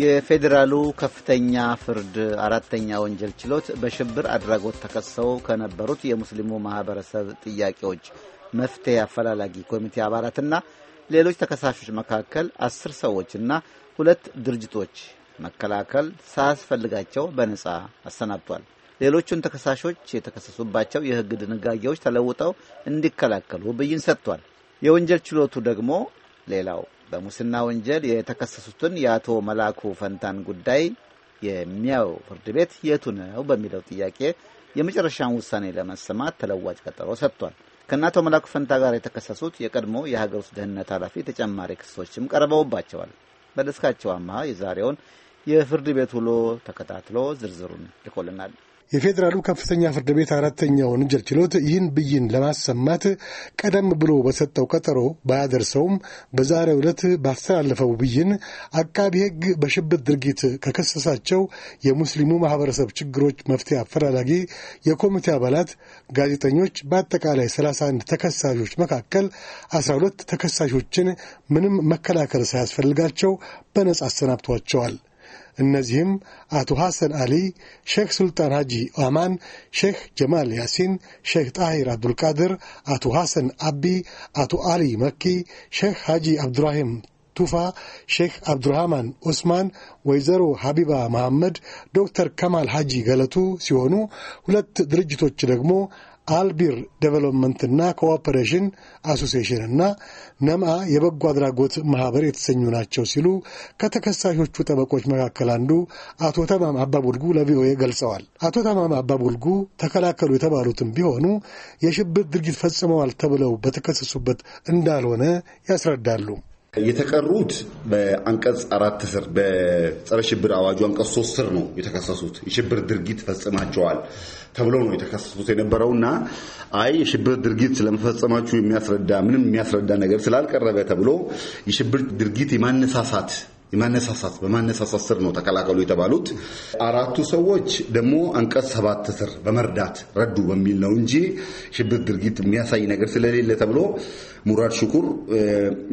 የፌዴራሉ ከፍተኛ ፍርድ አራተኛ ወንጀል ችሎት በሽብር አድራጎት ተከሰው ከነበሩት የሙስሊሙ ማህበረሰብ ጥያቄዎች መፍትሄ አፈላላጊ ኮሚቴ አባላትና ሌሎች ተከሳሾች መካከል አስር ሰዎችና ሁለት ድርጅቶች መከላከል ሳያስፈልጋቸው በነጻ አሰናብቷል። ሌሎቹን ተከሳሾች የተከሰሱባቸው የህግ ድንጋጌዎች ተለውጠው እንዲከላከሉ ብይን ሰጥቷል። የወንጀል ችሎቱ ደግሞ ሌላው በሙስና ወንጀል የተከሰሱትን የአቶ መላኩ ፈንታን ጉዳይ የሚያው ፍርድ ቤት የቱ ነው በሚለው ጥያቄ የመጨረሻን ውሳኔ ለመሰማት ተለዋጭ ቀጠሮ ሰጥቷል። ከአቶ መላኩ ፈንታ ጋር የተከሰሱት የቀድሞ የሀገር ውስጥ ደህንነት ኃላፊ ተጨማሪ ክሶችም ቀርበውባቸዋል። መለስካቸው አመሃ የዛሬውን የፍርድ ቤት ውሎ ተከታትሎ ዝርዝሩን ይኮልናል። የፌዴራሉ ከፍተኛ ፍርድ ቤት አራተኛው ወንጀል ችሎት ይህን ብይን ለማሰማት ቀደም ብሎ በሰጠው ቀጠሮ ባያደርሰውም በዛሬው ዕለት ባስተላለፈው ብይን አቃቢ ሕግ በሽብት ድርጊት ከከሰሳቸው የሙስሊሙ ማህበረሰብ ችግሮች መፍትሄ አፈላላጊ የኮሚቴ አባላት፣ ጋዜጠኞች በአጠቃላይ 31 ተከሳሾች መካከል 12 ተከሳሾችን ምንም መከላከል ሳያስፈልጋቸው በነጻ አሰናብቷቸዋል። እነዚህም አቶ ሐሰን አሊ፣ ሼክ ሱልጣን ሐጂ አማን፣ ሼክ ጀማል ያሲን፣ ሼክ ጣሂር አብዱልቃድር፣ አቶ ሐሰን አቢ፣ አቶ አሊ መኪ፣ ሼክ ሐጂ አብዱራሂም ቱፋ፣ ሼክ አብዱራህማን ኡስማን፣ ወይዘሮ ሐቢባ መሐመድ፣ ዶክተር ከማል ሐጂ ገለቱ ሲሆኑ ሁለት ድርጅቶች ደግሞ አልቢር ዴቨሎፕመንትና ኮኦፐሬሽን አሶሴሽን እና ነምአ የበጎ አድራጎት ማህበር የተሰኙ ናቸው ሲሉ ከተከሳሾቹ ጠበቆች መካከል አንዱ አቶ ተማም አባቡልጉ ለቪኦኤ ገልጸዋል። አቶ ተማም አባቡልጉ ተከላከሉ የተባሉትም ቢሆኑ የሽብር ድርጊት ፈጽመዋል ተብለው በተከሰሱበት እንዳልሆነ ያስረዳሉ። የተቀሩት በአንቀጽ አራት ስር በጸረ ሽብር አዋጁ አንቀጽ ሶስት ስር ነው የተከሰሱት። የሽብር ድርጊት ፈጽማቸዋል ተብሎ ነው የተከሰሱት እና አይ የሽብር ድርጊት ስለመፈጸማችሁ የሚያስረዳ ምንም የሚያስረዳ ነገር ስላልቀረበ ተብሎ የሽብር ድርጊት የማነሳሳት የማነሳሳት በማነሳሳት ስር ነው ተከላከሉ የተባሉት። አራቱ ሰዎች ደግሞ አንቀጽ ሰባት ስር በመርዳት ረዱ በሚል ነው እንጂ ሽብር ድርጊት የሚያሳይ ነገር ስለሌለ ተብሎ ሙራድ ሽኩር፣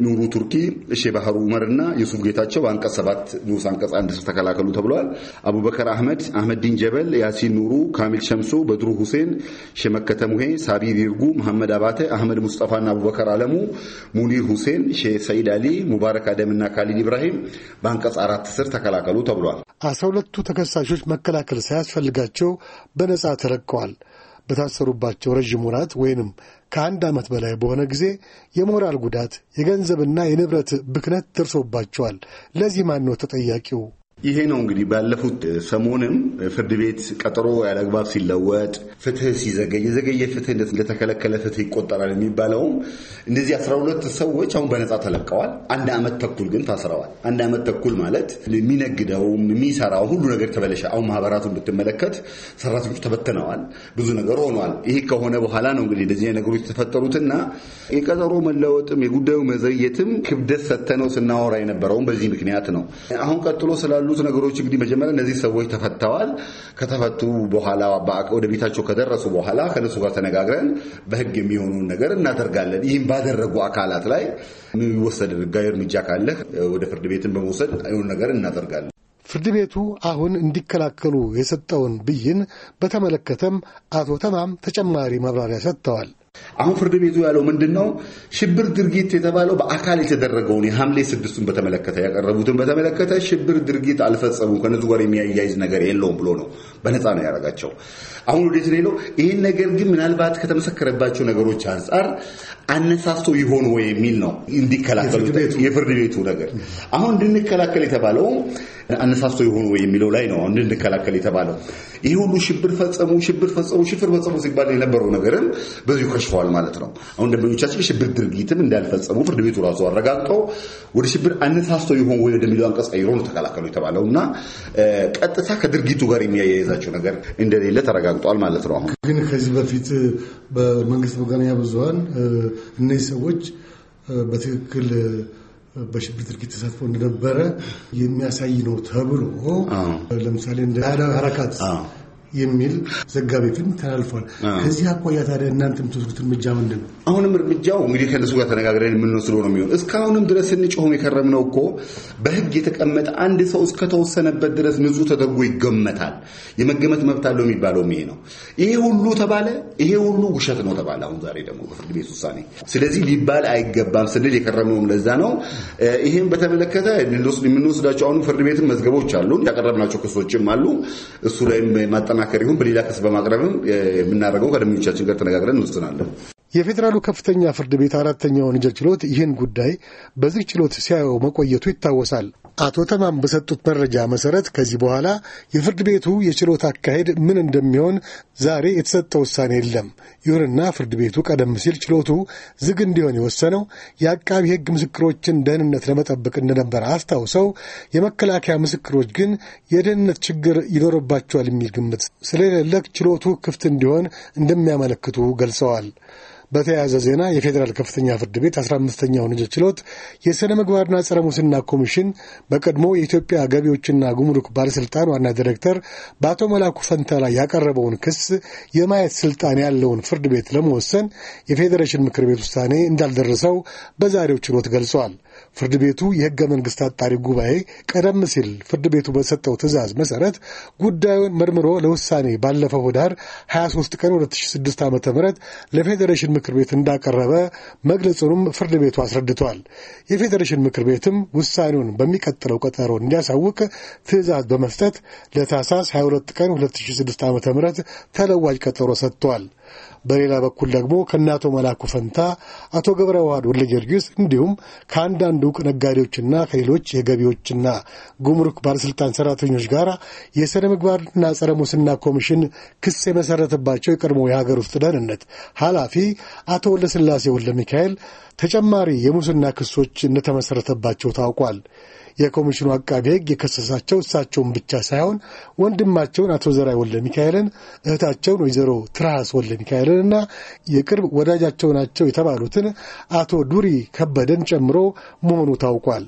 ኑሩ ቱርኪ፣ እሼ ባህሩ ዑመር እና ዩሱፍ ጌታቸው በአንቀጽ ሰባት ንዑስ አንቀጽ አንድ ስር ተከላከሉ ተብለዋል። አቡበከር አህመድ፣ አህመድዲን ጀበል፣ ያሲን ኑሩ፣ ካሚል ሸምሶ፣ በድሩ ሁሴን፣ ሸመከተ ሙሄ፣ ሳቢ ቢርጉ፣ መሐመድ አባተ፣ አህመድ ና አቡበከር አለሙ፣ ሙኒር ሁሴን፣ ሼ ሰይድ አሊ፣ ሙባረክ አደምና ካሊድ ኢብራሂም በአንቀጽ አራት ስር ተከላከሉ ተብሏል። አስራ ሁለቱ ተከሳሾች መከላከል ሳያስፈልጋቸው በነጻ ተለቀዋል። በታሰሩባቸው ረዥም ወራት ወይንም ከአንድ ዓመት በላይ በሆነ ጊዜ የሞራል ጉዳት፣ የገንዘብና የንብረት ብክነት ደርሶባቸዋል። ለዚህ ማን ነው ተጠያቂው? ይሄ ነው እንግዲህ ባለፉት ሰሞንም ፍርድ ቤት ቀጠሮ ያለግባብ ሲለወጥ ፍትህ ሲዘገይ የዘገየ ፍትህ እንደተከለከለ ፍትህ ይቆጠራል የሚባለውም እንደዚህ 12 ሰዎች አሁን በነፃ ተለቀዋል። አንድ ዓመት ተኩል ግን ታስረዋል። አንድ ዓመት ተኩል ማለት የሚነግደውም የሚሰራው ሁሉ ነገር ተበለሸ። አሁን ማህበራቱን ብትመለከት ሰራተኞች ተበትነዋል። ብዙ ነገር ሆኗል። ይህ ከሆነ በኋላ ነው እንግዲህ እንደዚህ ነገሮች የተፈጠሩትና የቀጠሮ መለወጥም የጉዳዩ መዘየትም ክብደት ሰተነው ስናወራ የነበረውም በዚህ ምክንያት ነው። አሁን ቀጥሎ ስላሉ ያሉት ነገሮች እንግዲህ መጀመሪያ እነዚህ ሰዎች ተፈተዋል። ከተፈቱ በኋላ ወደ ቤታቸው ከደረሱ በኋላ ከነሱ ጋር ተነጋግረን በህግ የሚሆኑን ነገር እናደርጋለን። ይህም ባደረጉ አካላት ላይ የሚወሰድ ህጋዊ እርምጃ ካለ ወደ ፍርድ ቤትን በመውሰድ አይሆን ነገር እናደርጋለን። ፍርድ ቤቱ አሁን እንዲከላከሉ የሰጠውን ብይን በተመለከተም አቶ ተማም ተጨማሪ ማብራሪያ ሰጥተዋል። አሁን ፍርድ ቤቱ ያለው ምንድን ነው? ሽብር ድርጊት የተባለው በአካል የተደረገውን የሐምሌ ስድስቱን በተመለከተ ያቀረቡትን በተመለከተ ሽብር ድርጊት አልፈጸሙም ከነዚህ ጋር የሚያያይዝ ነገር የለውም ብሎ ነው በነፃ ነው ያደረጋቸው። አሁን ወዴት ነው ይህን ነገር ግን ምናልባት ከተመሰከረባቸው ነገሮች አንጻር አነሳስቶ ይሆን ወይ የሚል ነው እንዲከላከሉ የፍርድ ቤቱ ነገር አሁን እንድንከላከል የተባለው አነሳስቶ የሆኑ የሚለው ላይ ነው እንድንከላከል የተባለው። ይህ ሁሉ ሽብር ፈጸሙ፣ ሽብር ፈጸሙ፣ ሽብር ፈጸሙ ሲባል የነበረው ነገርም በዚሁ ከሽፈዋል ማለት ነው። አሁን ደንበኞቻችን ሽብር ድርጊትም እንዳልፈጸሙ ፍርድ ቤቱ ራሱ አረጋግጠው ወደ ሽብር አነሳስቶ የሆኑ ወይ ወደሚለው አንቀጽ ቀይሮ ነው ተከላከሉ የተባለው እና ቀጥታ ከድርጊቱ ጋር የሚያያይዛቸው ነገር እንደሌለ ተረጋግጧል ማለት ነው። አሁን ግን ከዚህ በፊት በመንግስት መገናኛ ብዙኃን እነዚህ ሰዎች በትክክል በሽብር ድርጊት ተሳትፎ እንደነበረ የሚያሳይ ነው ተብሎ ለምሳሌ እንደ ሀረካት የሚል ዘጋቢ ፊልም ተላልፏል። ከዚህ አኳያ ታዲያ እናንተ የምትወስዱት እርምጃ ምንድን ነው? አሁንም እርምጃው እንግዲህ ከእነሱ ጋር ተነጋግረን የምንወስደው ነው የሚሆን። እስካሁንም ድረስ ስንጮሆም የከረምነው እኮ በህግ የተቀመጠ አንድ ሰው እስከተወሰነበት ድረስ ንጹህ ተደርጎ ይገመታል። የመገመት መብት አለው የሚባለው ይሄ ነው። ይሄ ሁሉ ተባለ፣ ይሄ ሁሉ ውሸት ነው ተባለ። አሁን ዛሬ ደግሞ በፍርድ ቤት ውሳኔ፣ ስለዚህ ሊባል አይገባም ስንል የከረምነውም ለዛ ነው። ይህም በተመለከተ የምንወስዳቸው አሁ ፍርድ ቤትም መዝገቦች አሉን፣ ያቀረብናቸው ክሶችም አሉ። እሱ ላይም ማጠናከ በማማከር ይሁን በሌላ ክስ በማቅረብም የምናደርገው ከደንበኞቻችን ጋር ተነጋግረን እንወስናለን። የፌዴራሉ ከፍተኛ ፍርድ ቤት አራተኛ ወንጀል ችሎት ይህን ጉዳይ በዚህ ችሎት ሲያየው መቆየቱ ይታወሳል። አቶ ተማም በሰጡት መረጃ መሰረት ከዚህ በኋላ የፍርድ ቤቱ የችሎት አካሄድ ምን እንደሚሆን ዛሬ የተሰጠ ውሳኔ የለም። ይሁንና ፍርድ ቤቱ ቀደም ሲል ችሎቱ ዝግ እንዲሆን የወሰነው የአቃቢ ሕግ ምስክሮችን ደህንነት ለመጠበቅ እንደነበረ አስታውሰው የመከላከያ ምስክሮች ግን የደህንነት ችግር ይኖርባቸዋል የሚል ግምት ስለሌለ ችሎቱ ክፍት እንዲሆን እንደሚያመለክቱ ገልጸዋል። በተያያዘ ዜና የፌዴራል ከፍተኛ ፍርድ ቤት አስራ አምስተኛ ወንጀል ችሎት የሥነ ምግባርና ጸረ ሙስና ኮሚሽን በቀድሞ የኢትዮጵያ ገቢዎችና ጉምሩክ ባለሥልጣን ዋና ዲሬክተር በአቶ መላኩ ፈንታ ላይ ያቀረበውን ክስ የማየት ስልጣን ያለውን ፍርድ ቤት ለመወሰን የፌዴሬሽን ምክር ቤት ውሳኔ እንዳልደረሰው በዛሬው ችሎት ገልጿል። ፍርድ ቤቱ የህገ መንግሥት አጣሪ ጉባኤ ቀደም ሲል ፍርድ ቤቱ በሰጠው ትዕዛዝ መሰረት ጉዳዩን መርምሮ ለውሳኔ ባለፈው ኅዳር 23 ቀን 2006 ዓ ም ለፌዴሬሽን ምክር ቤት እንዳቀረበ መግለጹንም ፍርድ ቤቱ አስረድቷል። የፌዴሬሽን ምክር ቤትም ውሳኔውን በሚቀጥለው ቀጠሮ እንዲያሳውቅ ትዕዛዝ በመስጠት ለታህሳስ 22 ቀን 2006 ዓ ም ተለዋጅ ቀጠሮ ሰጥቷል። በሌላ በኩል ደግሞ ከእነ አቶ መላኩ ፈንታ አቶ ገብረ ዋህድ ወልደ ጊዮርጊስ እንዲሁም ከአንዳንድ ዕውቅ ነጋዴዎችና ከሌሎች የገቢዎችና ጉምሩክ ባለሥልጣን ሠራተኞች ጋር የሥነ ምግባርና ጸረ ሙስና ኮሚሽን ክስ የመሠረተባቸው የቀድሞ የሀገር ውስጥ ደህንነት ኃላፊ አቶ ወለስላሴ ወልደ ሚካኤል ተጨማሪ የሙስና ክሶች እንደተመሠረተባቸው ታውቋል። የኮሚሽኑ አቃቤ ሕግ የከሰሳቸው እሳቸውን ብቻ ሳይሆን ወንድማቸውን አቶ ዘራይ ወልደ ሚካኤልን፣ እህታቸውን ወይዘሮ ትርሃስ ወልደ እና የቅርብ ወዳጃቸው ናቸው የተባሉትን አቶ ዱሪ ከበደን ጨምሮ መሆኑ ታውቋል።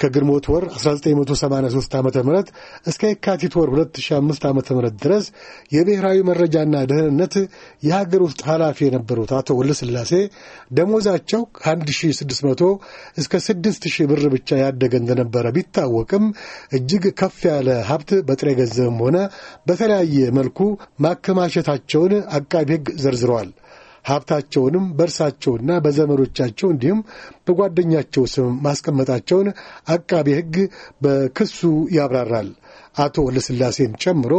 ከግንቦት ወር 1983 ዓ ም እስከ የካቲት ወር 2005 ዓ ም ድረስ የብሔራዊ መረጃና ደህንነት የሀገር ውስጥ ኃላፊ የነበሩት አቶ ስላሴ ደሞዛቸው ከ1600 እስከ 6000 ብር ብቻ ያደገ እንደነበረ ቢታወቅም እጅግ ከፍ ያለ ሀብት በጥሬ ገንዘብም ሆነ በተለያየ መልኩ ማከማቸታቸውን አቃቢ ሕግ ዘርዝረዋል። ሀብታቸውንም በእርሳቸውና በዘመዶቻቸው እንዲሁም በጓደኛቸው ስም ማስቀመጣቸውን አቃቤ ሕግ በክሱ ያብራራል። አቶ ለስላሴን ጨምሮ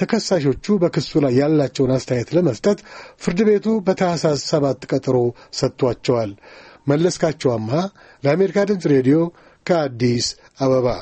ተከሳሾቹ በክሱ ላይ ያላቸውን አስተያየት ለመስጠት ፍርድ ቤቱ በታህሳስ ሰባት ቀጠሮ ሰጥቷቸዋል። መለስካቸው አምሃ ለአሜሪካ ድምፅ ሬዲዮ ከአዲስ አበባ